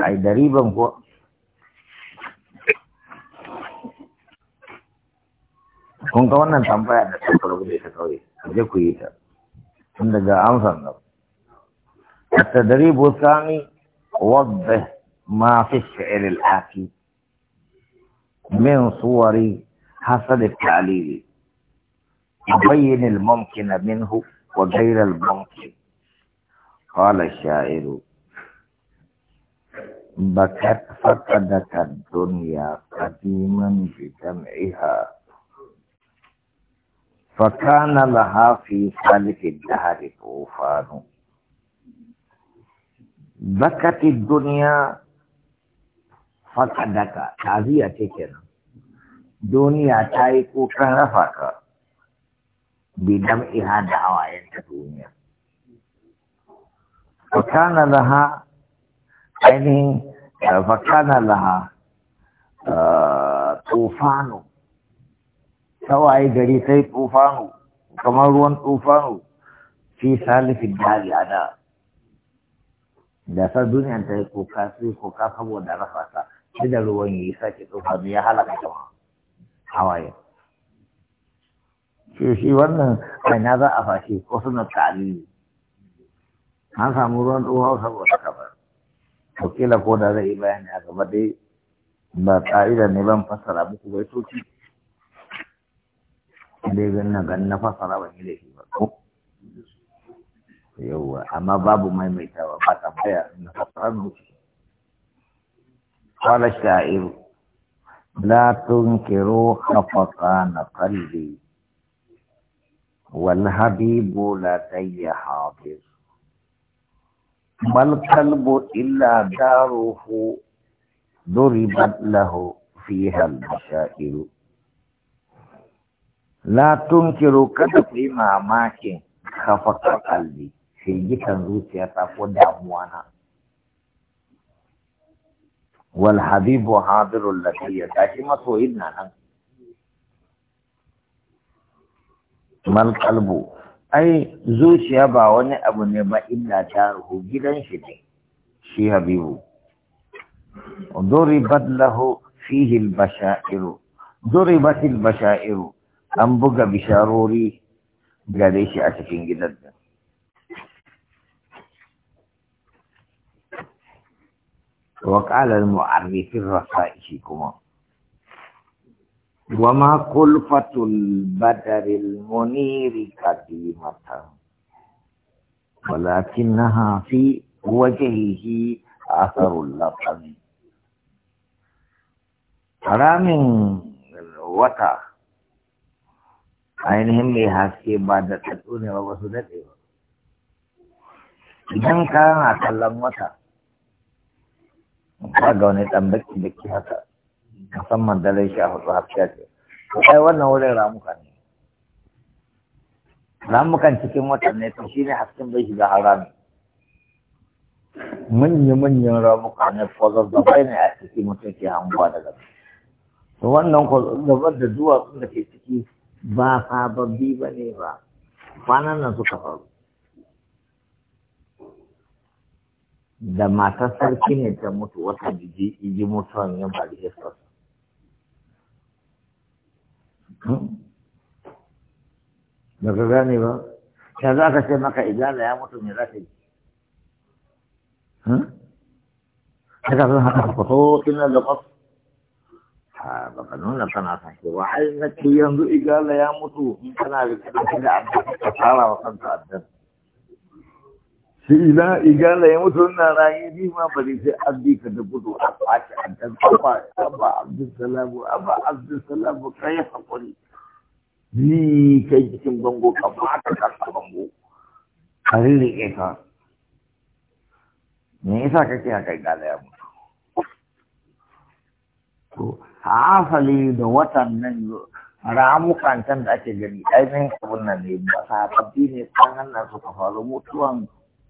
ai da riban ko kun ga wannan tambaya da ta faru da ita kawai je ku yi ta tun daga amsan nan التدريب الثاني وضح ما في الشعر من صور حسب التعليل يبين الممكن منه وغير الممكن قال الشاعر بكت فقدت الدنيا قديما بجمعها فكان لها في ذلك الدهر طوفان بكت الدنيا فقدك تعزية كنا دنيا تايكو كرفك بدمعها دعوة الدنيا فكان لها ainihin eh, fakana laha eh, tufano tawaye gari sai tufano kamar ruwan tufano fi salifin dari a da da sa duniyan ta yi kuka sai kuka saboda rasa ta da ruwan yi sake tufano ya halaka kama hawaye shi shi wannan aina za a fashe ko suna tsari an samu ruwan tufano saboda to kila ko da zai bayani a gaba dai ba ƙa'ida ne ban fassara muku bai soci dai gan na gan na fassara ban yi da shi ba ko yawwa amma babu maimaitawa ba tambaya na fassara muku قال الشاعر لا تنكروا خفقان قلبي والحبيب لدي حافظ ما الكلب إلا داره ضربت له فيها المشاكل لا تنكر كذا ما ماك خفق قلبي في جيكا روسيا تقود أموانا والحبيب حاضر الذي يتاكي ما سويدنا ما الكلب ai zuciya ba wani abu ne ba illa ta ruhu gidan shi ne shi habibu duribat lahu fihi al bashairu an buga bisharori gare shi a cikin gidan nan وقال المعرف الرفائي kuma. وما كلفة البدر المنير قديمة ولكنها في وجهه أثر اللطم حرام وتا ainihin mai haske ba da tattu ne ba wasu daɗe ba idan kana kallon wata ba ga wani ɗan baki baki haka musamman dare a hudu hafiya ce ai wannan wurin ramukan ne ramukan cikin watan ne to ne hasken bai shiga harami manya-manyan ramuka ne zazzabai ne a ciki mutum ke hanguwa daga to wannan zazzabar da duwatsun da ke ciki ba sababbi ba ne ba kwanan nan suka faru da matar sarki ne ta mutu wata jiji iji mutuwan yin ba da ba ka gane ba ya za ka ce maka igala ya mutu mai zafi ta ka sun haka kwato kina da kwasu ha ba ka nuna kana san shi ba ai na ce yanzu igala ya mutu in kana da kada da abin ka fara wa kanka abin shi ina igala ya mutu na raye ni ma ba zai sai abdi ka da gudu a kwace a dan kafa abba abdulsalamu abba abdulsalamu kai hakuri ni kai cikin bango ka ba ka kasa bango a ne ka me yasa kake haka igala ya mutu to hasali da watan nan ramukan can da ake gani ainihin abun nan ne ba sa ne tsanan nan suka faru mutuwan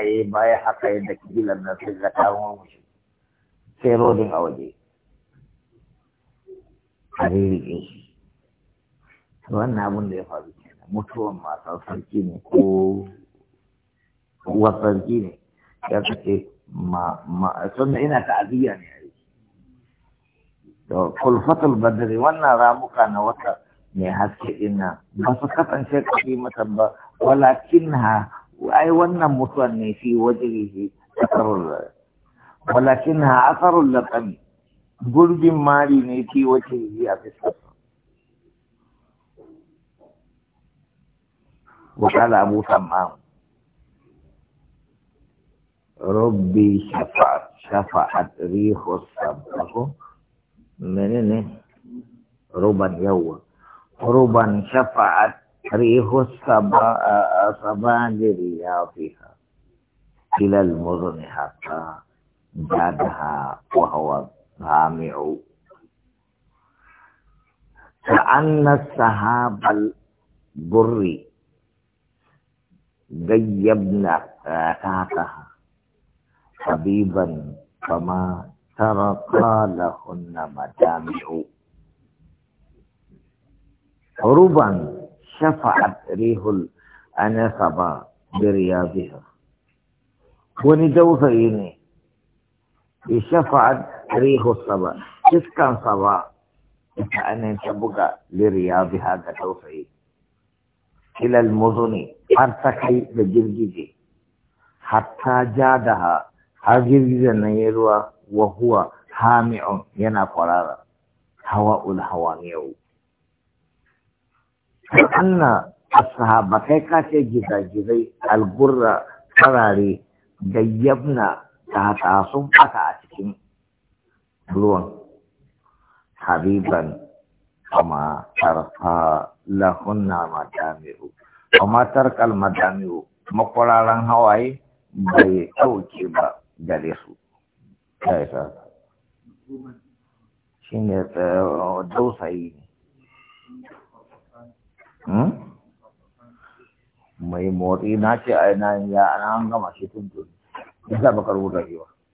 Ayi, bayan baya haka yadda kabilar na sai da kawo mushi sai rodin a waje a rirriƙe shi wannan abin da ya faru kenan mutuwan masu sarki ne ko uwar sarki ne ya kace ma ma sunna ina ta'aziyya ne ai to kulfatul badri wannan ramuka na wata ne haske ina ba su kasance kafi mata ba ha واي ون مصني في وجهه اثر ولكنها اثر لقن برج ماري في وجهه اثر وقال ابو تمام ربي شفع شفعت ريح الصبح من ربا يوم ربا شفعت الصبا صبا لرياضها إلى المدن حتى جادها وهو غامع كأن السحاب البري جيبنا تحتها حبيبا فما سرقا لهن مجامع عربا شفعت ريح الأنصبة برياضها ونجوفين شفعت ريح الصبا كان صبا كأن تبقى لرياضها كتوفي إلى المدن أرتقي بجرجدي حتى جادها هاجرجد نيروا وهو هامع ينا قرارا هواء الهواميع anna ashabatai ka ce gizagizai algurra farare da yabna ta sun fata a cikin ruwan hariban kama tarfa lahunna madami'u amma tarkal madami'u makwararan hawaye bai ɗauke ba gare su ya isa shi ne dausayi ne Hmm? mai motsi na ce a yana ya an gama shi tuntun ya sa baka rubuta